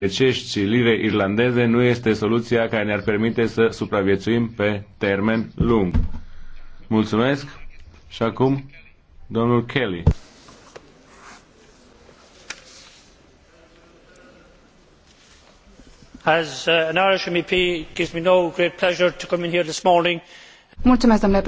grecești și lire irlandeze nu este soluția care ne-ar permite să supraviețuim pe termen lung. Mulțumesc și acum domnul Kelly. As uh, an Irish MEP, it gives me no great pleasure to come in here this morning. Mulțumesc, domnule președinte.